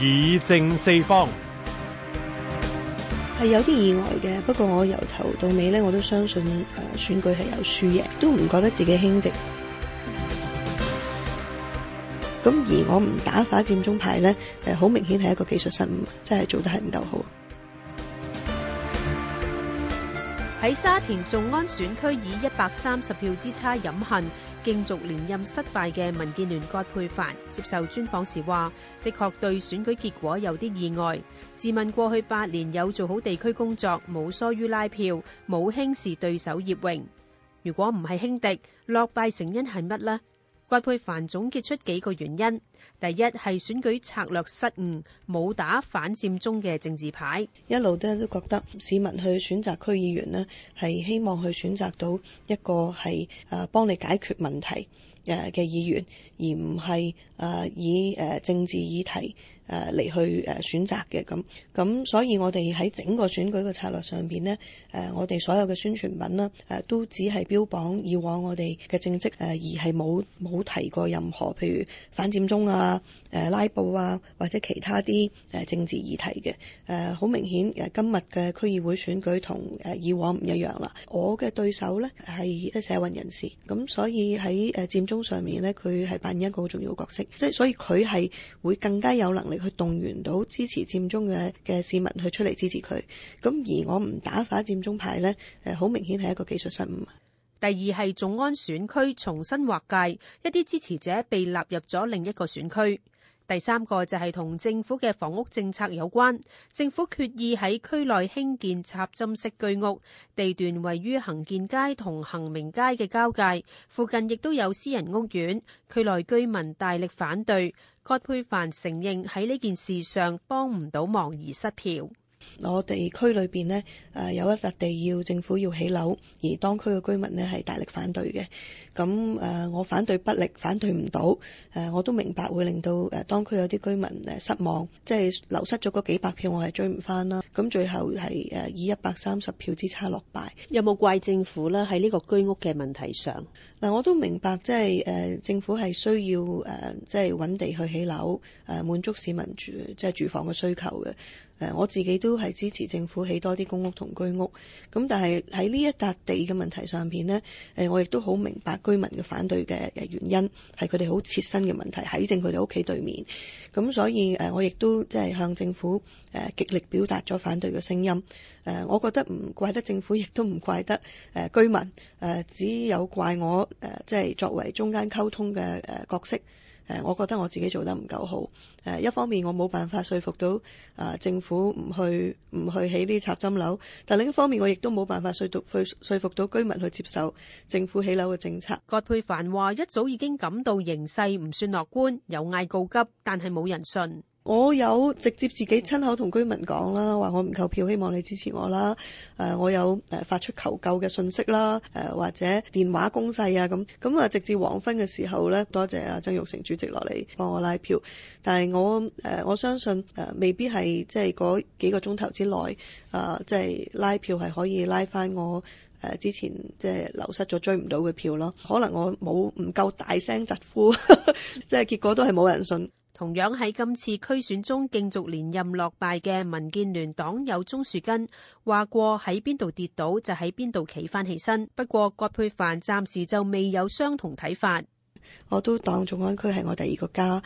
議政四方，係有啲意外嘅。不過我由頭到尾咧，我都相信誒、呃，選舉係有輸贏，都唔覺得自己輕敵。咁而我唔打反佔中牌咧，誒、呃，好明顯係一個技術失誤，真係做得係唔夠好。喺沙田頌安選區以一百三十票之差飲恨競逐連任失敗嘅民建聯葛珮帆接受專訪時話：「的確對選舉結果有啲意外。自問過去八年有做好地區工作，冇疏於拉票，冇輕視對手葉榮。如果唔係輕敵，落敗成因係乜呢？」葛珮帆總結出幾個原因，第一係選舉策略失誤，冇打反佔中嘅政治牌。一路都覺得市民去選擇區議員呢，係希望去選擇到一個係誒，幫你解決問題。嘅嘅議員，而唔係誒以誒政治議題誒嚟去誒選擇嘅咁，咁所以我哋喺整個選舉嘅策略上邊呢，誒我哋所有嘅宣傳品啦，誒都只係標榜以往我哋嘅政績誒，而係冇冇提過任何譬如反佔中啊、誒拉布啊或者其他啲誒政治議題嘅誒，好明顯誒今日嘅區議會選舉同誒以往唔一樣啦。我嘅對手呢係社運人士，咁所以喺誒佔中上面咧，佢係扮演一個好重要嘅角色，即係所以佢係會更加有能力去動員到支持佔中嘅嘅市民去出嚟支持佢。咁而我唔打反佔中牌咧，誒，好明顯係一個技術失誤。第二係頌安選區重新劃界，一啲支持者被納入咗另一個選區。第三個就係同政府嘅房屋政策有關，政府決意喺區內興建插針式居屋，地段位於恒健街同恒明街嘅交界，附近亦都有私人屋苑，區內居民大力反對。葛珮帆承認喺呢件事上幫唔到忙而失票。我哋區裏邊呢，誒有一笪地要政府要起樓，而當區嘅居民呢係大力反對嘅。咁誒，我反對不力，反對唔到。誒，我都明白會令到誒當區有啲居民誒失望，即係流失咗嗰幾百票，我，我係追唔翻啦。咁最後係誒以一百三十票之差落敗。有冇怪政府呢？喺呢個居屋嘅問題上，嗱、嗯，我都明白，即係誒政府係需要誒即係搵地去起樓，誒滿足市民住即係住房嘅需求嘅。誒我自己都係支持政府起多啲公屋同居屋，咁但係喺呢一笪地嘅問題上邊呢，誒我亦都好明白居民嘅反對嘅原因，係佢哋好切身嘅問題，喺正佢哋屋企對面，咁所以誒我亦都即係向政府誒極力表達咗反對嘅聲音。誒我覺得唔怪得政府，亦都唔怪得誒居民，誒只有怪我，誒即係作為中間溝通嘅誒角色。誒，我覺得我自己做得唔夠好。誒，一方面我冇辦法說服到啊政府唔去唔去起呢啲插針樓，但另一方面我亦都冇辦法説服到居民去接受政府起樓嘅政策。葛珮帆話：一早已經感到形勢唔算樂觀，有嗌告急，但係冇人信。我有直接自己親口同居民講啦，話我唔夠票，希望你支持我啦。誒，我有誒發出求救嘅信息啦，誒或者電話攻勢啊咁。咁啊，直至黃昏嘅時候咧，多謝啊曾鈺成主席落嚟幫我拉票。但係我誒我相信誒未必係即係嗰幾個鐘頭之內啊，即係拉票係可以拉翻我誒之前即係流失咗追唔到嘅票咯。可能我冇唔夠大聲疾呼，即 係結果都係冇人信。同樣喺今次區選中競逐連任落敗嘅民建聯黨友鍾樹根話過：喺邊度跌倒就喺邊度企返起身。不過葛珮帆暫時就未有相同睇法。我都當頌安區係我第二個家，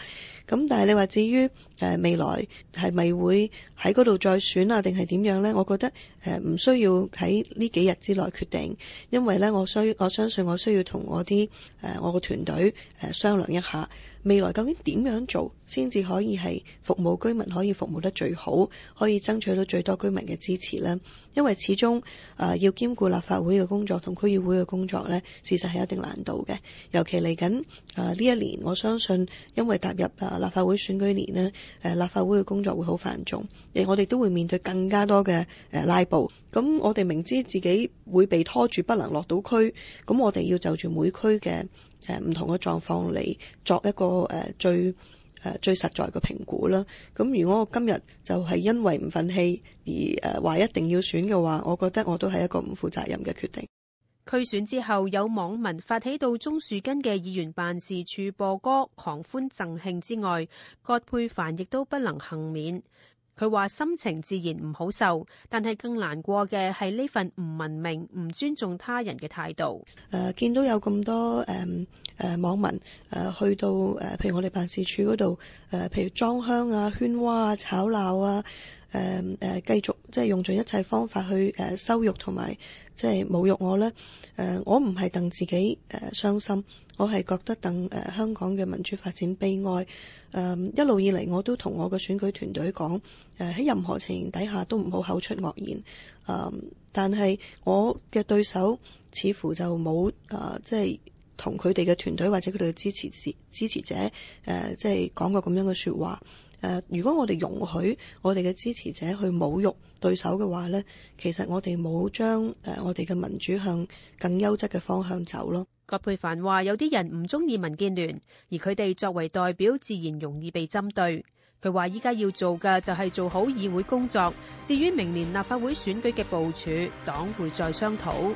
咁但係你話至於誒未來係咪會喺嗰度再選啊，定係點樣呢？我覺得誒唔需要喺呢幾日之內決定，因為呢，我需我相信我需要同我啲誒我個團隊誒商量一下，未來究竟點樣做先至可以係服務居民可以服務得最好，可以爭取到最多居民嘅支持呢？因為始終誒要兼顧立法會嘅工作同區議會嘅工作呢，事實係有一定難度嘅，尤其嚟緊。啊！呢一年我相信，因為踏入啊立法會選舉年咧，誒立法會嘅工作會好繁重，我哋都會面對更加多嘅誒拉布。咁我哋明知自己會被拖住，不能落到區，咁我哋要就住每區嘅誒唔同嘅狀況嚟作一個誒最誒最實在嘅評估啦。咁如果我今日就係因為唔忿氣而誒話一定要選嘅話，我覺得我都係一個唔負責任嘅決定。區選之後，有網民發起到鍾樹根嘅議員辦事處播歌狂歡贈慶之外，葛珮帆亦都不能幸免。佢話心情自然唔好受，但係更難過嘅係呢份唔文明、唔尊重他人嘅態度。誒、啊，見到有咁多誒誒、嗯啊、網民誒、啊、去到誒、啊，譬如我哋辦事處嗰度誒，譬如裝香啊、喧嘩啊、吵鬧啊。誒誒，繼續即係用盡一切方法去誒羞辱同埋即係侮辱我咧。誒，我唔係戥自己誒傷心，我係覺得戥誒香港嘅民主發展悲哀。誒，一路以嚟我都同我嘅選舉團隊講，誒喺任何情形底下都唔好口出惡言。誒，但係我嘅對手似乎就冇誒即係同佢哋嘅團隊或者佢哋嘅支持者、支持者誒即係講過咁樣嘅説話。誒，如果我哋容許我哋嘅支持者去侮辱對手嘅話呢，其實我哋冇將誒我哋嘅民主向更優質嘅方向走咯。葛珮帆話：有啲人唔中意民建聯，而佢哋作為代表，自然容易被針對。佢話：依家要做嘅就係做好議會工作。至於明年立法會選舉嘅部署，黨會再商討。